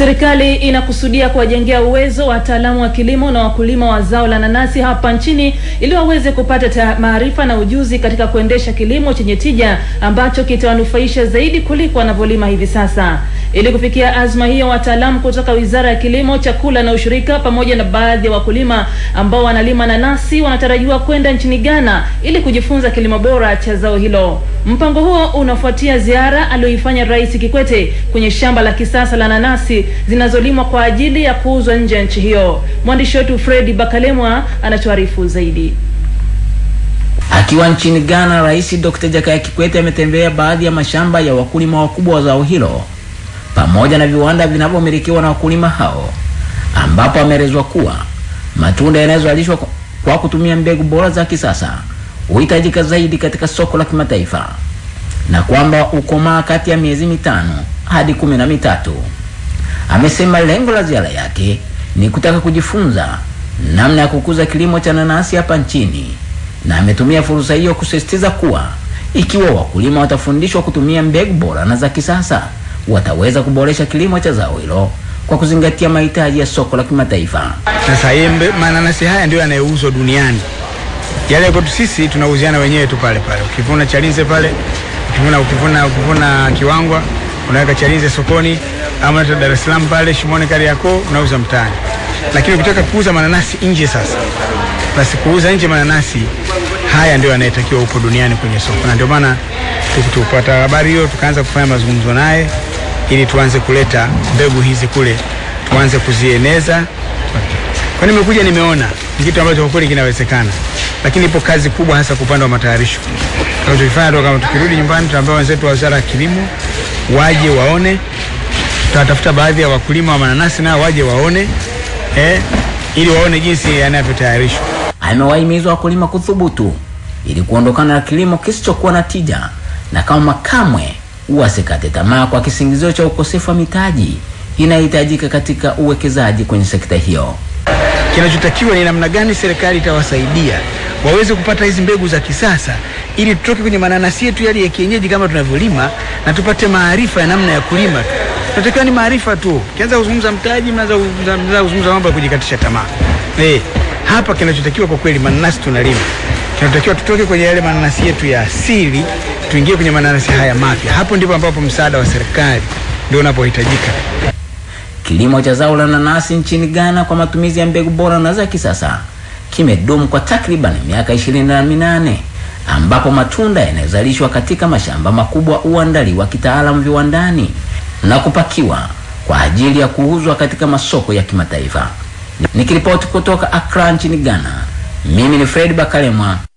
Serikali inakusudia kuwajengea uwezo wataalamu wa kilimo na wakulima wa zao la nanasi hapa nchini ili waweze kupata maarifa na ujuzi katika kuendesha kilimo chenye tija ambacho kitawanufaisha zaidi kuliko wanavyolima hivi sasa. Ili kufikia azma hiyo, wataalamu kutoka Wizara ya Kilimo, Chakula na Ushirika pamoja na baadhi ya wakulima ambao wanalima nanasi wanatarajiwa kwenda nchini Ghana ili kujifunza kilimo bora cha zao hilo. Mpango huo unafuatia ziara aliyoifanya Rais Kikwete kwenye shamba la kisasa la nanasi zinazolimwa kwa ajili ya kuuzwa nje ya nchi hiyo. Mwandishi wetu Fredi Bakalemwa anatuarifu zaidi. Akiwa nchini Ghana, Rais Dr. Jakaya Kikwete ametembea baadhi ya mashamba ya wakulima wakubwa wa zao hilo pamoja na viwanda vinavyomilikiwa na wakulima hao, ambapo ameelezwa kuwa matunda yanayozalishwa kwa kutumia mbegu bora za kisasa huhitajika zaidi katika soko la kimataifa na kwamba ukomaa kati ya miezi mitano hadi kumi na mitatu. Amesema lengo la ziara yake ni kutaka kujifunza namna ya kukuza kilimo cha nanasi hapa nchini, na ametumia fursa hiyo kusisitiza kuwa ikiwa wakulima watafundishwa kutumia mbegu bora na za kisasa wataweza kuboresha kilimo cha zao hilo kwa kuzingatia mahitaji ya soko la kimataifa. Sasa hii mananasi haya ndio yanayouzwa duniani, yale kwetu sisi tunauziana wenyewe tu pale pale. Ukivuna Chalinze pale, ukivuna ukivuna ukivuna Kiwangwa unaweka Chalinze sokoni, ama Dar es Salaam pale Shimoni Kariakoo unauza mtaani. Lakini ukitaka kuuza mananasi nje sasa, basi kuuza nje mananasi haya ndio yanayetakiwa huko duniani kwenye soko, na ndio maana tukupata habari hiyo tukaanza kufanya mazungumzo naye ili tuanze kuleta mbegu hizi kule, tuanze kuzieneza. Kwa nimekuja nimeona ni kitu ambacho kweli kinawezekana, lakini ipo kazi kubwa, hasa kwa upande wa matayarisho. Tunachokifanya kama tukirudi nyumbani, tutaambia wenzetu wa Wizara ya Kilimo waje waone, tutatafuta baadhi ya wakulima wa mananasi nao waje waone eh, ili waone jinsi yanavyotayarishwa. Amewahimiza wakulima kuthubutu ili kuondokana na kilimo kisichokuwa na tija na kama kamwe wasikate tamaa kwa kisingizio cha ukosefu wa mitaji inayohitajika katika uwekezaji kwenye sekta hiyo. Kinachotakiwa ni namna gani serikali itawasaidia waweze kupata hizi mbegu za kisasa ili tutoke kwenye mananasi yetu yale ya kienyeji kama tunavyolima na tupate maarifa ya namna ya kulima Tunatakiwa ni maarifa tu. Kianza kuzungumza mtaji, mnaanza kuzungumza mambo ya kujikatisha tamaa. Eh, hapa kinachotakiwa kwa kweli, mananasi tunalima, kinachotakiwa tutoke kwenye yale mananasi yetu ya asili tuingie kwenye mananasi haya mapya. Hapo ndipo ambapo msaada wa serikali ndio unapohitajika. Kilimo cha zao la nanasi nchini Ghana kwa matumizi ya mbegu bora na za kisasa kimedumu kwa takriban miaka ishirini na minane ambapo matunda yanayozalishwa katika mashamba makubwa huandaliwa kitaalamu viwandani na kupakiwa kwa ajili ya kuuzwa katika masoko ya kimataifa. Nikiripoti kutoka Accra nchini Ghana, mimi ni Fred Bakalemwa.